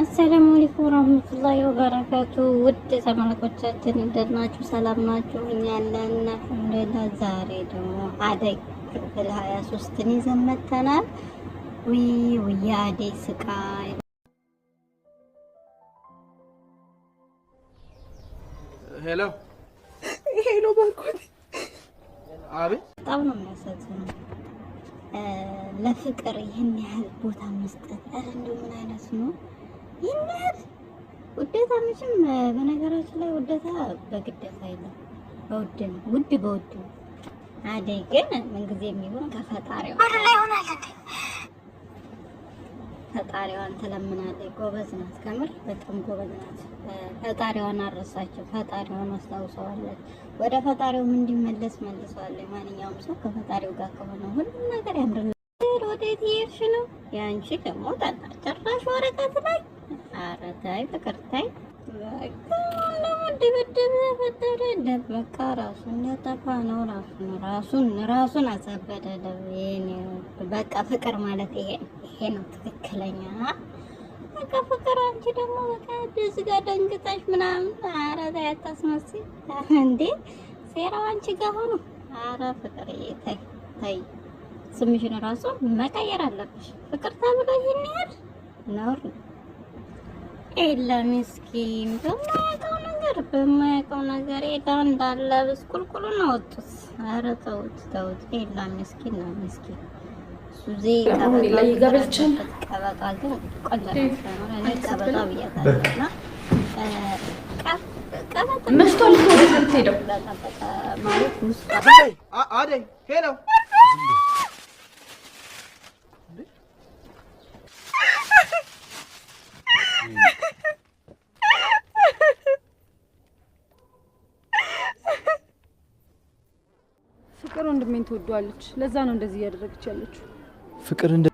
አሰላሙ አለይኩም ወራህመቱላሂ ወበረካቱ። ውድ ተመልካቾቻችን እንደት ናችሁ? ሰላም ናችሁ? እኛ ያለን አልሐምዱሊላህ። ዛሬ ደግሞ አደይ ክፍል 23ን ይዘን መጥተናል። ውይ ውይ አደይ ስቃይ ሄሎ ሄሎ፣ ባርኮት አቤት። በጣም ነው የሚያሳዝነው ለፍቅር ይህን ያህል ቦታ መስጠት። ኧረ እንደው ምን አይነት ነው ይህን ያህል ውዴታ መቼም በነገራችን ላይ ውደታ በግዴታ የለም። በውድ ነው ውድ በውድ ነው። አደይ ግን ምንጊዜ የሚሆን ከፈጣሪዋ ፈጣሪዋን ትለምናለች። ጎበዝ ናት፣ ከምር በጣም ጎበዝ ናት። ፈጣሪዋን አረሳቸው፣ ፈጣሪዋን አስታውሰዋለች። ወደ ፈጣሪውም እንዲመለስ መልሰዋለች። ማንኛውም ሰው ከፈጣሪው ጋር ከሆነ ሁሉም ነገር ያምርላል። ወደ የት እየሄድሽ ነው? የአንቺ ደግሞ ጠና ጭራሽ ወረቀት ላይ ኧረ ተይ ፍቅር ተይ። ደብ በቃ ራሱን ያጠፋ ነው። ራሱን ራሱን ራሱን አዘበደ። በቃ ፍቅር ማለት ይሄ ይሄ ነው ትክክለኛ በቃ ፍቅር። አንቺ ደግሞ በቃ እዚህ ጋር ደንግጠሽ ምናምን። ኧረ ተይ አታስመስይ እንዴ! ሴራው አንቺ ጋር ሆኖ። ኧረ ፍቅር ተይ ተይ። ስምሽን ራሱ መቀየር አለብሽ። ፍቅር ተብሎ ይሄን ያህል ነውር ነው። ኤላ ምስኪን በማያውቀው ነገር በማያውቀው ነገር ኤላ እንዳለ ብስቁልቁሉን አወጡት። ኧረ ተውት ተውት። ኤላ ምስኪን ነው ምስኪን ዙዜ ቀበጣ ግን ቀበጣ ፍቅር ወንድሜን ትወደዋለች። ለዛ ነው እንደዚህ እያደረገች ያለችው። ፍቅር እንደ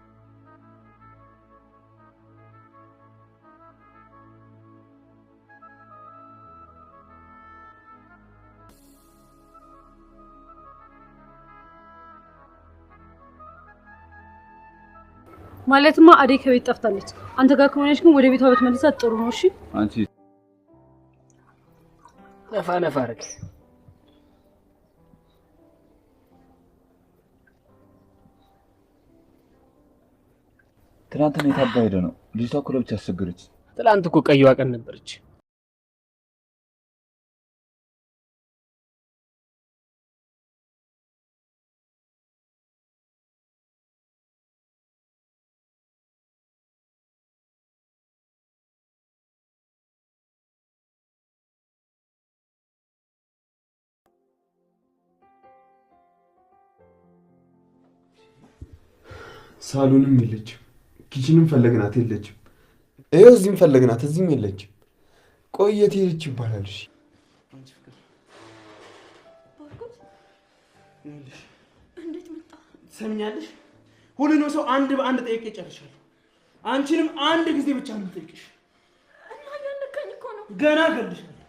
ማለትማ አደይ ከቤት ጠፍታለች። አንተ ጋር ከሆነች ግን ወደ ቤቷ ብትመልሳት ጥሩ ነው። እሺ አንቺ ነፋ ነፋ ትናንትና የታባ ሄደ ነው። ልጅቷ እኮ ለብቻ አስቸገረች። ትላንት እኮ ቀይዋ ቀን ነበረች። ሳሎንም የለችም። ኪችንም ፈለግናት የለችም። ይኸው እዚህም ፈለግናት እዚህም የለችም። ቆየት ሄደች ይባላል። እሺ እንዴት ሁሉንም ሰው አንድ በአንድ ጠይቄ ጨርሻለሁ። አንቺንም አንድ ጊዜ ብቻ ነው የምጠይቅሽ። እና ያለከኝ እኮ ነው ገና ገልሻለሁ።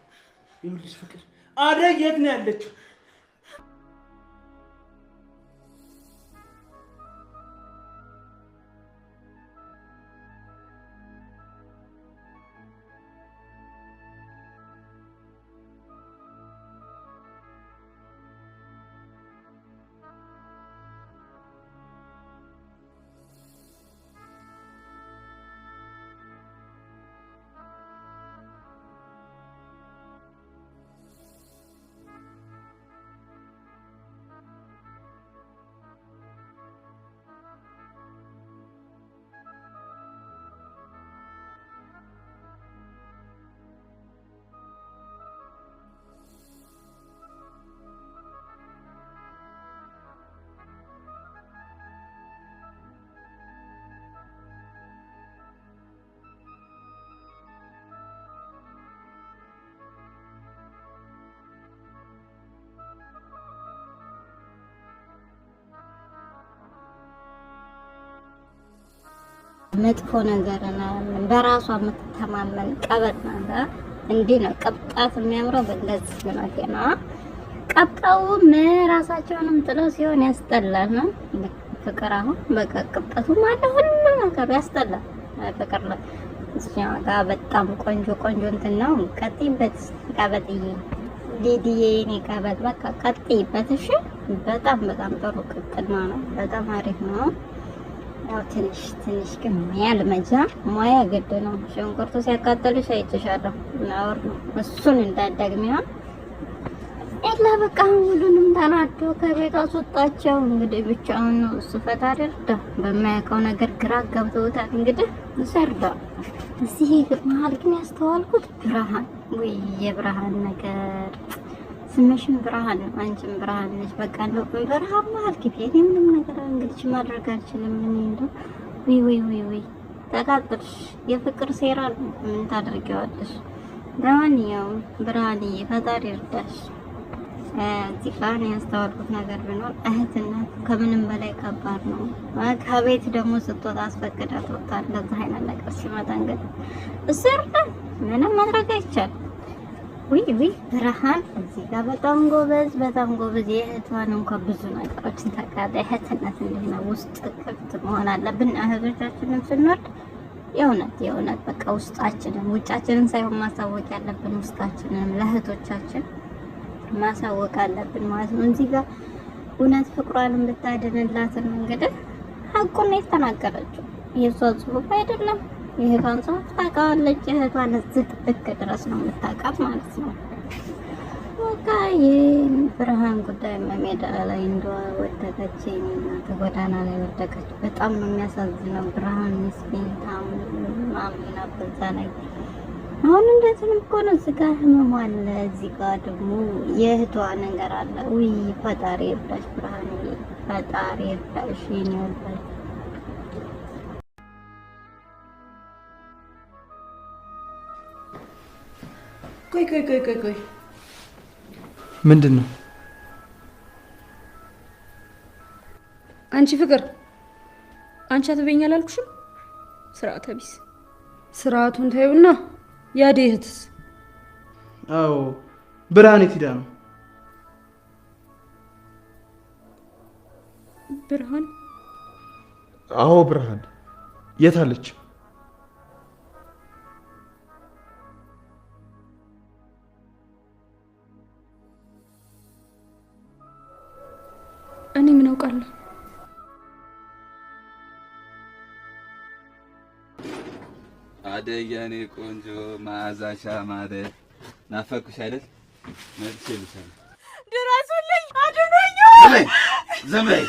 ይኸውልሽ ፍቅር አደይ የት ነው ያለችው? መጥፎ ነገር ነው። በራሷ የምትተማመን ቀበጥ ነገር እንዲህ ነው ቀብጣት የሚያምረው በእንደዚህ ስነት ነው። ቀብጣውም ራሳቸውንም ጥለው ሲሆን ያስጠላል ነው ፍቅር። አሁን በቃ ቅብጠቱ አለ ሁሉ ነገር ያስጠላል ፍቅር ነው። እኛ በጣም ቆንጆ ቆንጆ እንትን ነው። ቀጥይበት ቀበጥዬ ዲዲዬ የኔ ቀበጥ በቃ ቀጥይበት። እሺ በጣም በጣም ጥሩ ቅጥና ነው። በጣም አሪፍ ነው። ያው ትንሽ ትንሽ ግን ሙያ ልመጃ ሙያ ግድ ነው። ሽንኩርቱ ሲያቃጠልሽ አይቼሻለሁ። ነውር ነው። እሱን እንዳዳግሚያ ኤላ በቃ ሁሉንም ተናዶ ከቤት አስወጣቸው። እንግዲህ ብቻውን ነው እሱ ፈጣሪ እርዳ። በማያውቀው ነገር ግራ ገብተውታል። እንግዲህ ሰርዳ እዚህ መሀል ግን ያስተዋልኩት ብርሃን ወይ የብርሃን ነገር ስምሽም ብርሃን ነው፣ አንቺም ብርሃን ነሽ። በቃ እንደው በረሃብ ማለት ግቢ። እኔ ምንም ነገር እንግዲህ ማድረግ አልችልም። እኔ እንደው ወይ ወይ ወይ ወይ ተቃጥልሽ የፍቅር ሴራ ነው። ምን ታደርጊዋለሽ? ለማንኛውም ብርሃንዬ ፈጣሪ ይርዳሽ። እዚህ ጋር ያስተዋልኩት ነገር ቢኖር እህትነት ከምንም በላይ ከባድ ነው። ከቤት ደግሞ ስትወጣ አስፈቅዳ ትወጣ። እንደዚህ አይነት ነገር ሲመጣ እንግዲህ እሱ ይርዳል። ምንም ማድረግ አይቻልም። ውይ ውይ ብርሃን እዚህ ጋር በጣም ጎበዝ በጣም ጎበዝ። የእህቷን እንኳ ብዙ ነገሮችን ታውቃለህ። እህትነት እንዲህ ውስጥ ክፍት መሆን አለብን። እህቶቻችንም ስንወድ የእውነት የእውነት በቃ ውስጣችንም ውጫችንን ሳይሆን ማሳወቅ ያለብን ውስጣችንንም ለእህቶቻችን ማሳወቅ አለብን ማለት ነው። እዚህ ጋር እውነት ፍቅሯንም ብታድንላትም እንግዲህ ሀቁን የተናገረችው የእሷ ጽሁፍ አይደለም የእህቷን ጽሑፍ ታውቃዋለች። እህቷን እዚህ ጥብቅ ድረስ ነው የምታውቃት ማለት ነው። በቃ የብርሃን ጉዳይ ሜዳ ላይ እንደወደቀች ጎዳና ላይ ወደቀች። በጣም ነው የሚያሳዝነው። ብርሃን ምስኪን ታምና በዛ ላይ አሁን እንደዚህ እኮ ነው። እዚህ ጋር ህመም አለ፣ እዚህ ጋር ደግሞ የእህቷ ነገር አለ። ውይ ፈጣሪ ይርዳሽ ብርሃን፣ ፈጣሪ ይርዳሽ ይኔ ቆይ ቆይ ቆይ ቆይ ቆይ ምንድን ነው አንቺ ፍቅር አንቺ አትበይኝ አላልኩሽም? ስርዓተ ቢስ ስርዓቱን ታዩና ያዴ እህትስ? አዎ ብርሃን የት ሄዳ ነው? ብርሃን አዎ ብርሃን የት አለች? ምን አውቃለሁ? አደይ የኔ ቆንጆ መዓዛሻ ማደር ናፈቅሽ አይደል? መልስ ይልሻል። ድረሱልኝ፣ አድኑኝ። ዘመይ